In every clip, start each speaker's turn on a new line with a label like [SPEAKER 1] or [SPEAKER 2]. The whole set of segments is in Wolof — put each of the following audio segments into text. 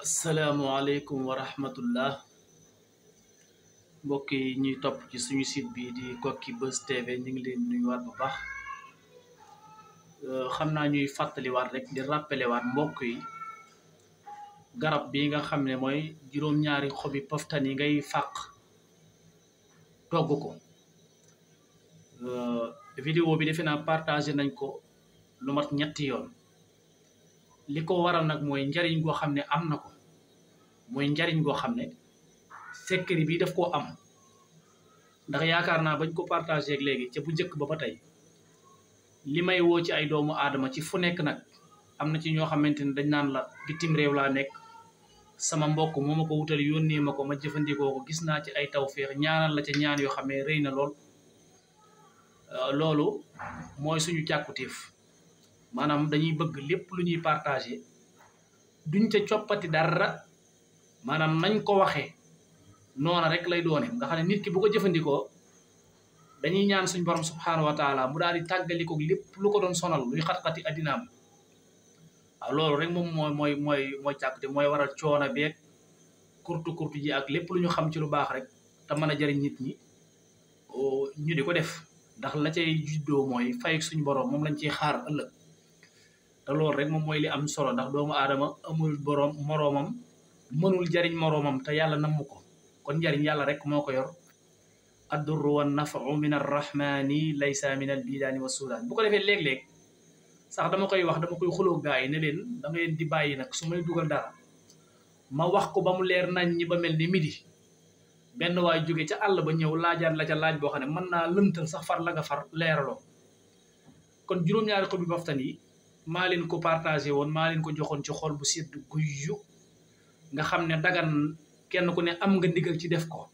[SPEAKER 1] asalaamualeykum wa rahmatullah mbokk yi ñuy topp ci suñu site bi di kokki Buzz TV ñu ngi leen nuyuwaat bu baax euh, xam naa ñuy fàttaliwaat rek di rappelé waat mbokk yi garab bi nga xam ne mooy juróom-ñaari xobi poftan yi ngay fàq togg ko euh, video bi defe naa partagé nañ ko lu mat ñetti yoon li ko waral nag mooy njariñ goo xam ne am na ko mooy njariñ goo xam ne secret bi daf koo am ndax yaakaar naa bañ ko partagé léegi ca bu njëkk ba ba tey li may woo ci ay doomu aadama ci fu nekk nag am na ci ñoo xamante ne dañ naan la bitim réew laa nekk sama mbokk moo ma ko yoon yónnee ma ko ma jëfandikoo ko gis naa ci ay tawféex ñaanal la ca ñaan yoo xam ne rëy na lool euh, loolu mooy suñu càkkutéef manam dañuy bëgg lépp lu ñuy partagé duñ ca coppati dara manam nañ ko waxé noona rek lay doone nga xamné nit ki bu ko jëfëndiko dañuy ñaan suñu borom subhanahu wa taala mu daali di tàggaliko lépp lu ko doon sonal luy xatxati xati adinaam waaw loolu rek moom moy moy moy moy càkkute moy waral coono beek kurtu kurtu ji ak lépp lu ñu xam ci lu baax rek ta mën a jëriñ nit ñi oh, ñu di ko def ndax la cay juddoo mooy fay suñu borom moom lañ ciy xaar ëllëg te rek moom mooy li am solo ndax doomu aadama amul boroom moroomam mënul jariñ moroomam te yàlla namm ko kon njariñ yàlla rek moo ko yor addurru wa nafau min arrahmani laysa min albidaani wa sudaan bu ko defee léeg-léeg sax dama koy wax dama koy xuloo gaa yi ne leen dama di bàyyi nag su may dugal dara ma wax ko ba mu leer nañ ñi ba mel ni midi benn waay jóge ca àll ba ñëw laajaan la ca laaj boo xam ne mën naa lëntal sax far la nga far leeraloo kon juróom-ñaari xobi maa leen ko partagé woon maa leen ko joxoon ci xool bu sedd guyyu nga xam ne dagan kenn ku ne am nga ndigal ci def ko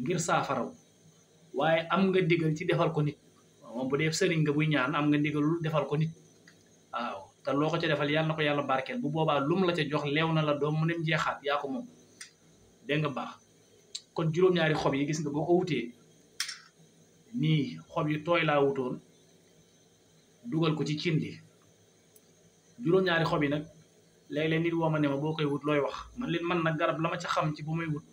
[SPEAKER 1] ngir saafaraw waaye am nga ndigal ci defal ko nit moom sëriñ nga buy ñaan am nga ndigalul defal ko nit waaw te loo ko ca defal yàlla na ko yàlla barkeel bu boobaa lum la ca jox leew na la doom mu ne jeexaat yaa ko moom dégg nga baax kon juróom-ñaari xob yi gis nga boo ko wutee ni xob yi tooy laa wutoon dugal ko ci cin li juróom-ñaari xob yi nag léeg-léeg nit woo ma ne ma boo koy wut looy wax man leen man na garab la ma ca xam ci bu may wut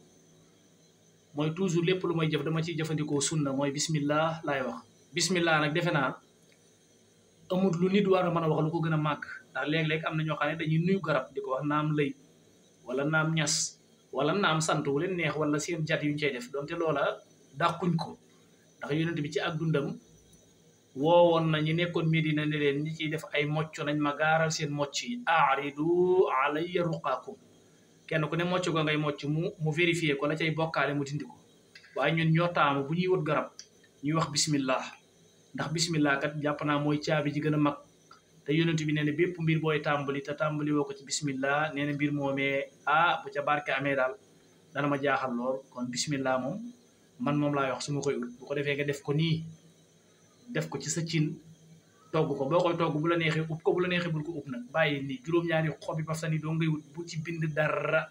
[SPEAKER 1] mooy toujours lépp lu may jëf dama ciy jëfandikoo sunna mooy bismillah laay wax bismillah nag defe naa amut lu nit war a mën a wax lu ko gën a màgg ndax léeg-léeg am na ñoo xam ne dañuy nuyu garab di ko wax naam lëy wala naam ñas wala naam sant wu leen neex wala seen jat yu ñu cay def donte loola dàquñ ko ndax yonent bi ci ak dundam woowoon na ñu nekkoon Medina ne leen ñi ciy def ay mocco nañ ma gaaral seen mocc yi aaridu alayya ruqaakum kenn ku ne mocc ko ngay mocc mu mu vérifié ko la cay bokkaale mu dindi ñun ñoo taamu bu ñuy wut garab ñuy wax bismillah ndax bismillah kat jàpp na mooy caabi ji gën a mag te yonent bi nee na bépp mbir booy tàmbali te tàmbali woo ko ci bismillah nee na mbir moomee ah bu ca barke amee daal dana ma jaaxal lool kon bismillah moom man moom laay wax su ma koy ut bu defee nga def ko nii def ko ci sa cin togg ko boo koy togg bu la neexee upp ko bu la neexee bul ko upp nag bàyyi nii juróom-ñaari xobi bafsani doo ngay wut bu ci bind dara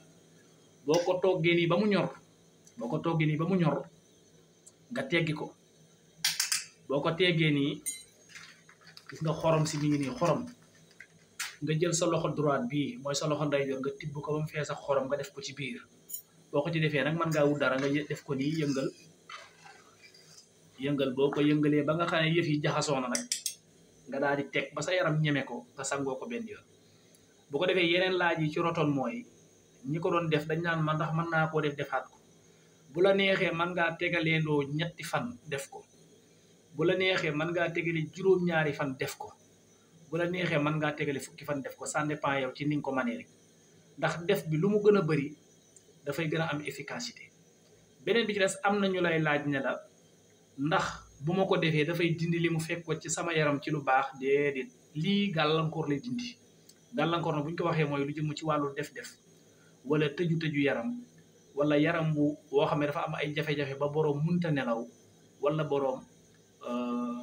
[SPEAKER 1] boo ko toggee nii ba mu ñor boo ko toggee nii ba mu ñor nga teggi ko boo ko teggee nii gis nga xorom si mi ngi nii xorom nga jël sa loxo droite bii mooy sa loxo ndeyjoor nga tibb ko ba mu fees xorom nga def ko ci biir boo ko ci defee nag man ngaa wut dara nga def ko nii yëngal yëngal boo ko yëngalee ba nga xam ne yëf na nag nga daal di teg ba sa yaram ñeme ko nga sangoo ko benn yoon bu ko defee yeneen laaj yi ci rotoon mooy ñi ko doon def dañ naan man ndax mën naa koo def defaat ko bu la neexee man ngaa tegaleendoo ñetti fan def ko bu neexee mën ngaa tegale juróom-ñaari fan def ko bu la neexee man ngaa tegale fukki fan def ko ça dépend yow ci ni ko manee ndax def bi lu mu gën a bëri dafay gën a am efficacité beneen bi ci am na ñu lay laaj ne la ndax bu ma ko defee dafay dindi li mu fekk ko ci sama yaram ci lu baax déedéet lii gàllankoor lay dindi gàllankoor na bu ñu ko waxee mooy lu jëm ci wàllu def wala tëju-tëju yaram wala yaram bu woo xam ne dafa am ay jafe ba boroom munta nelaw wala boroom euh,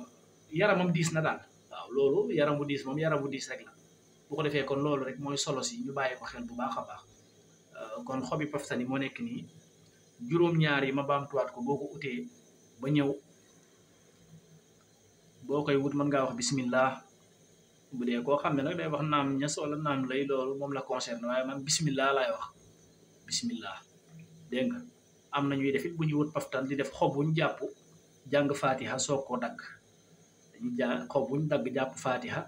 [SPEAKER 1] yaramam diis na daal loolu yaram bu diis moom yaram bu diis rek la bu ko defee kon loolu rek mooy solo si ñu bàyyi ko xel bu baax a baax euh, kon xobi paftan ni moo nekk nii juróom-ñaar yi ma baamtuwaat ko boo ko utee ba ñëw boo koy wut mën ngaa wax bismillah bu dee koo xam ne nag day wax naam ña wala naam lay loolu moom la concerne waaye man bismillah laay wax bismillah dégg am na ñuy def bu ñu wut paftan di def xob bu ñu jàpp jàng fatiha soog koo dagg dañuy jàng xob bu dagg jàpp fatiha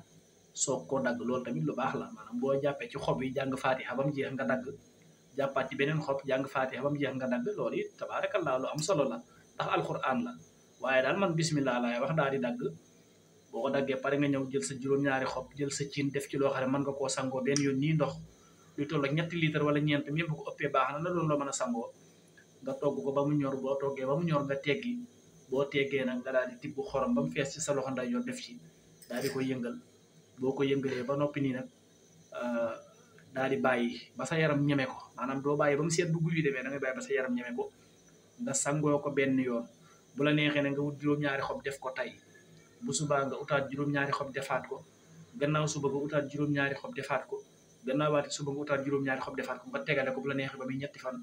[SPEAKER 1] soog koo dagg loolu tamit lu baax la maanaam boo jàppee ci xob yi jàng fatiha ba jeex nga dagg jàppaat ci beneen xob jàng fatiha ba jeex nga dagg loolu it tabaarakallah lu am solo la. ndax alquran la waye dal man bismillah lay wax dal di dag boko dagge pare nga ñew jël sa juroom ñaari xop jël sa ciin def ci lo xare man nga ko sango ben yon ni ndox lu toll ak ñetti liter wala ñent mi bu ko uppe baax na la loolu la mën a nga togg ko ba mu ñor bo togge ba mu ñor nga teggi bo teggee nak nga dal di tibbu xorom bam fess ci sa loxo nday def ci dal di ko yëngal boko ko ba noppi nii nag euh, daal di ba sa yaram nyameko. ko manam do bayyi bam seet bu guuy bahasa da nga bayyi ba sa yaram nyameko. ko nga sangoo ko benn yoon bu la neexee ne nga wut juróom-ñaari xob def ko tey bu subaa nga utaat juróom-ñaari xob defaat ko gannaaw suba nga utaat juróom-ñaari xob defaat ko gannaaw waati suba nga utaat juróom xob defaat ko tegale ko bu la neexee ba muy ñetti fan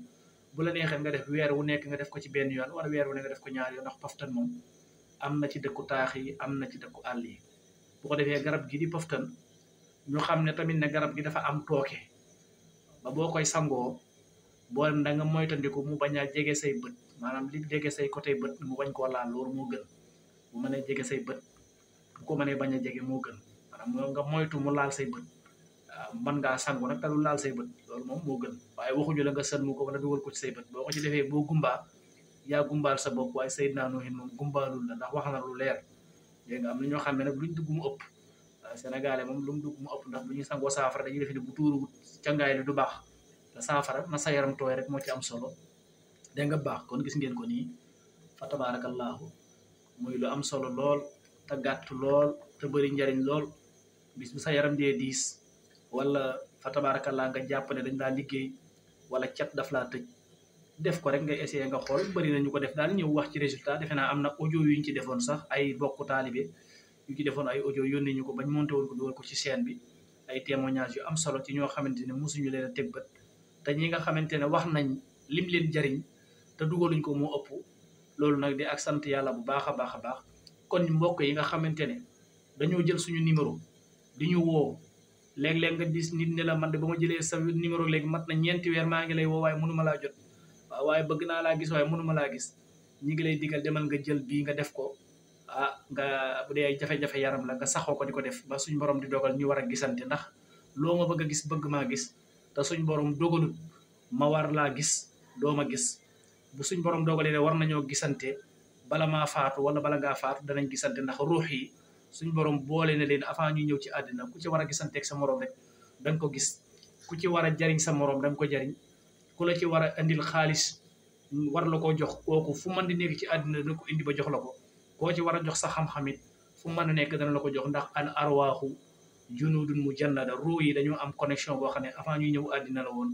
[SPEAKER 1] bu la neexee nga def weer wu nekk nga def ko ci benn yoon wala weer wu nekk nga def ko ñaar yoon ndax paftan moom am na ci dëkku taax yi am na ci dëkku àll yi boo ko defee garab gi di paftan ñu xam ne tamit ne garab gi dafa am tooke ba boo koy sangoo boo dem da nga moytandiku mu bañ a jege maanaam li jege say côté bët mu bañ koo laal loolu moo gën bu mënee jege say bët bu ko mënee bañ a jege moo gën maanaam nga moytu mu laal say bët mën ngaa sangu nag te du laal say bët loolu moom moo gën waaye waxuñu la nga sën mu ko wala dugal ko ci say bët boo ko ci defee boo gumba yaa gumbal sa bopp waaye Seydina Nuhin moom gumbaalul la ndax wax na lu leer dégg am na ñoo xam ne nag luñ dugg mu ëpp Sénégalais moom lu mu dugg mu ëpp ndax lu ñuy sangoo saafara dañuy defe ne bu tuuru cangaay li du baax saafara na sa yaram tooy rek moo ci am solo da nga baax kon gis ngeen ko nii fa tabaarakallaahu muy lu am solo lool te gàtt lool te bëri njariñ lool bis bu sa yaram dee diis wala fa tabaarakallaahu nga jàppale dañ laa liggéey wala cat daf laa tëj def ko rek nga essayé nga xool bari na ñu ko def daal ñëw wax ci résultat defe naa am na audio yu ñu ci defoon sax ay bokku taalibe yu ci defoon ay audio yónnee ñu ko bañ monté woon ko dugal ko ci chaîne bi ay témoignage yu am solo ci ñoo xamante ne mosuñu leen a teg bët te ñi nga xamante ne wax nañ lim leen jariñ te dugaluñ ko mu ëpp loolu nag di ak sant yàlla bu baax a baax a baax kon mbokk yi nga xamante ne dañoo jël suñu numéro di ñu woo léeg-léeg nga gis nit ne la man de ba ma jëlee sa numéro léegi mat na ñeenti weer maa ngi lay woo waaye mënuma laa jot waaye bëgg naa laa gis mënuma laa gis ñi ngi lay diggal demal nga jël bii nga def ko ah nga bu dee ay jafe-jafe yaram la nga saxoo ko di ko def ba suñ borom di dogal ñu war a gisante ndax loo ma bëgg a gis bëgg maa gis te suñ borom dogalut ma war laa gis doo ma gis bu suñ borom dogalee ne war nañoo gisante bala maa faatu wala bala ngaa faatu danañ gisante ndax ruux yi suñ borom boole na leen avant ñu ñëw ci àddina ku ci war a gisanteeg sa morom rek da ko gis ku ci war a jariñ sa morom da ko jariñ ku la ci war a indil xaalis war la koo jox kooku fu mën di nekk ci àddina dana ko indi ba jox la ko koo ci war a jox sa xam-xamit fu mën a nekk dana la ko jox ndax al arwaaxu junudun mujannada ruu yi dañoo am connexion boo xam ne avant ñuy ñëw àddina la woon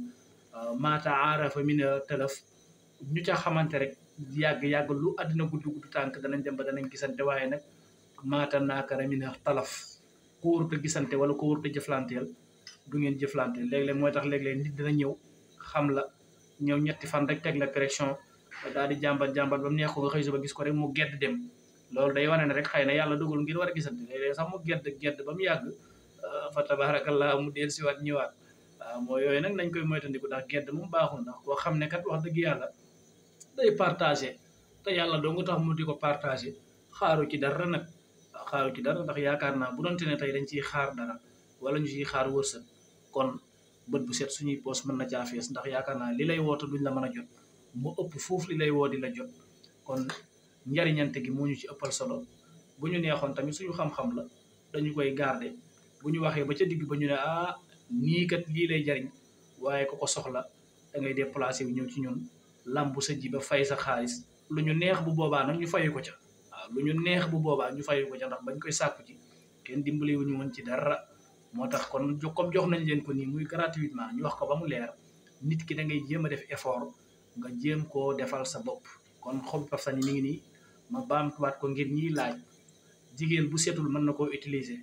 [SPEAKER 1] maa taarafa mina ñu ca xamante rek yàgg-yàgg lu àddina gudd gudd tànk danañ dem ba danañ gisante waaye nag maata naakara mi na talaf ko warut a gisante wala ko warut a jëflanteel du ngeen jëflante léeg-léeg mooy tax léeg-léeg nit dana ñëw xam la ñëw ñetti fan rek teg la pression daal di jàmbat jàmbat ba mu neex ko nga xëy suba gis ko rek mu gedd dem loolu day wane ne rek xay na yàlla dugul ngir war a gisante léeg-léeg sax mu gedd gedd ba mu yàgg ah, fa tabarakallah mu del siwaat ñëwaat waaw ah, mooy yooyu nag nañ koy moytandiku ndax gedd moom baaxul day partagé te yàlla doo nga tax mu di ko partagé xaaru ci dara nag xaaru ci dara ndax yaakaar naa bu doonte ne tey dañ ciy xaar dara wala ñu ciy xaar wërsëg kon bët bu set suñuy poos mën na jaafees ndax yaakaar naa li lay woote duñ la mën a jot mu ëpp foofu li lay woo di la jot kon njariñante gi moo ñu ci ëppal solo bu ñu neexoon tamit suñu xam-xam la dañu koy garder bu ñu waxee ba ca digg ba ñu ne ah nii kat lii lay jariñ waaye ku ko soxla da ngay déplacé wu ñëw ci ñun làmbu sa ji ba fay sa xaalis lu ñu neex bu boobaa nag ñu fayu ko ca waaw lu ñu neex bu boobaa ñu fayu ko ca ndax bañ koy sàkku ci kenn dimbali wuñu woon ci dara moo tax kon comme jox nañ leen ko nii muy gratuitement ñu wax ko ba mu leer nit ki da ngay jéem a def efor nga jéem koo defal sa bopp kon xobu pafsan yi mi ngi nii ma baamtuwaat ko ngir ñiy laaj jigéen bu setul mën na koo utiliser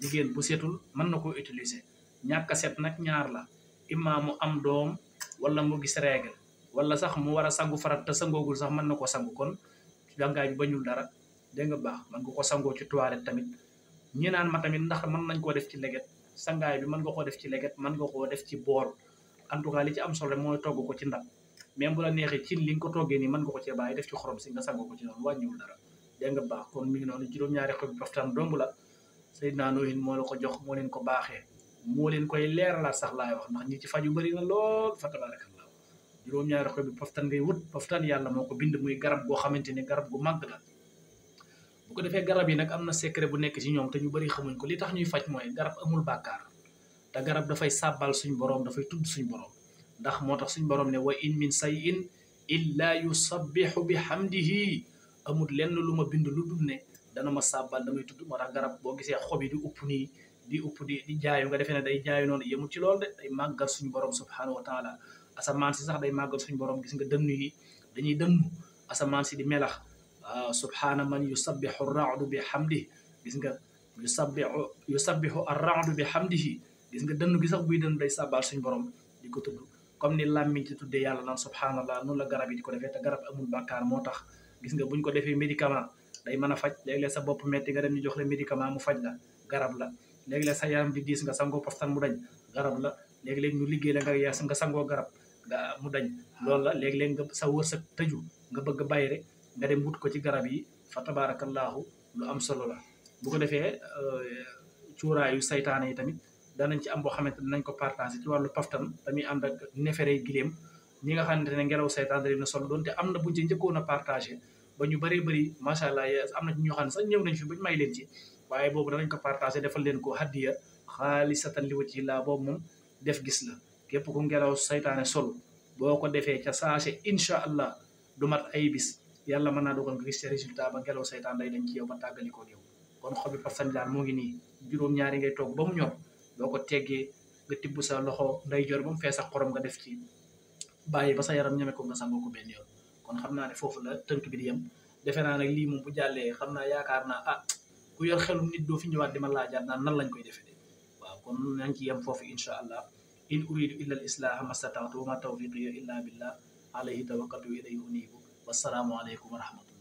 [SPEAKER 1] jigéen bu setul mën na koo utiliser ñàkk set nag ñaar la imma mu am doom wala mu gis règle wala sax mu wara sangu farat te sangogul sax man nako sangu kon jàngaay bi bañul dara de nga bax man nga ko sangoo ci toilette tamit ñi naan ma tamit ndax man nañ ko def ci leget sangaay bi man nga ko def ci leget man nga ko def ci bor en tout cas li ci am solo moy togg ko ci ndam même bu la neexee ci li nga ko ni man nga ko ci baye def ci xorom si nga sango ko ci non wañul dara de nga bax kon mi ngi ci doom ñaari xol baftaan dong la Seydina Nuhin mo la ko jox mo len ko baxé mo len koy leral sax lay wax ndax ñi ci faju bari na lool fa juróom-ñaari xob bi poftan ngay wut poftan yàlla moo ko bind muy garab goo xamante ne garab gu màgg la bu ko defee garab yi nag am na secret bu nekk ci ñoom te ñu bari xamuñ ko li tax ñuy faj mooy garab amul bàkkaar te garab dafay sàbbal suñ boroom dafay tudd suñ boroom ndax moo tax suñ boroom ne wa in min sayin illaa yusabbihu bi hamdihi amul lenn lu ma bind lu dul ne dana ma sàbbal damay tudd moo tax garab boo gisee xob yi di upp nii di upp di di jaayu nga defee ne day jaayu noonu yemul ci lool de day màggal suñu borom subhanahu wa asamaan si sax day màggal suñu borom gis nga dënnu yi dañuy dënnu asamaan si di melax ah, subhaana man yusabbihu raadu bi hamdi gis nga yusabbihu yusabbihu arraadu bi hamdihi gis nga dënnu gi sax buy dënnu day sàbbaal suñu borom di ko tudd comme ni làmmiñ ci tuddee yàlla naan subhaanallah noonu la garab yi di ko defee te garab amul bàkkaar moo tax gis nga buñ ko defee médicament day mën a faj léeg-léeg bopp metti nga dem ñu jox la médicament mu faj la garab la léeg-léeg sa yaram di diis nga sangoo postan mu dañ garab la léeg-léeg ñu liggéey la nga yaa nga sangoo garab mu dañ loolu la léeg-léeg nga sa wërsëg tëju nga bëgg bàyyi rek nga dem wut ko ci garab yi fa tabaarakallaahu lu am solo la bu ko defee euh, cuuraayu saytaane yi tamit danañ ci am boo xamante ne dinañ ko partagé ci wàllu paftan dañuy ànd ak neefere giléem ñi nga xamante ne ngelaw saytaan da na solo doonte am na buñ ci njëkkoon a partagé ba ñu bëree bëri macha allah am na ci ñoo xam sax ñëw nañ fi ba ñu may leen ci waaye boobu danañ ko partagé defal leen ko haddiya xaalisatan li wajhi laa boobu moom def gis la képp ku ngelaw saytaane sol boo ko defee ca saase incha allah du mat ay bis yàlla mën naa dogal nga gis ca résultat ba ngelaw saytaan day dañ ci yow ba tàggalikoo yow kon xobi parsan daal gini, ngi nii juróom-ñaari ngay toog ba mu ñor boo ko teggee nga tibb sa loxo nday jor ba mu fees ak xorom nga def ci bàyyi ba sa yaram ñeme ko nga ko benn yoon kon xam naa ne foofu la tënk bi di yem defe naa nag lii moom bu jàllee xam naa yaakaar naa ah ku yor xelum nit doo fi ñëwaat di ma laajaat naan nan lañ koy defee waaw kon nañ ci yem foofu incha allah إن أريد إلا الإصلاح ما استطعت وما توفيقي إلا بالله عليه توكلت وإليه أنيب والسلام عليكم ورحمة الله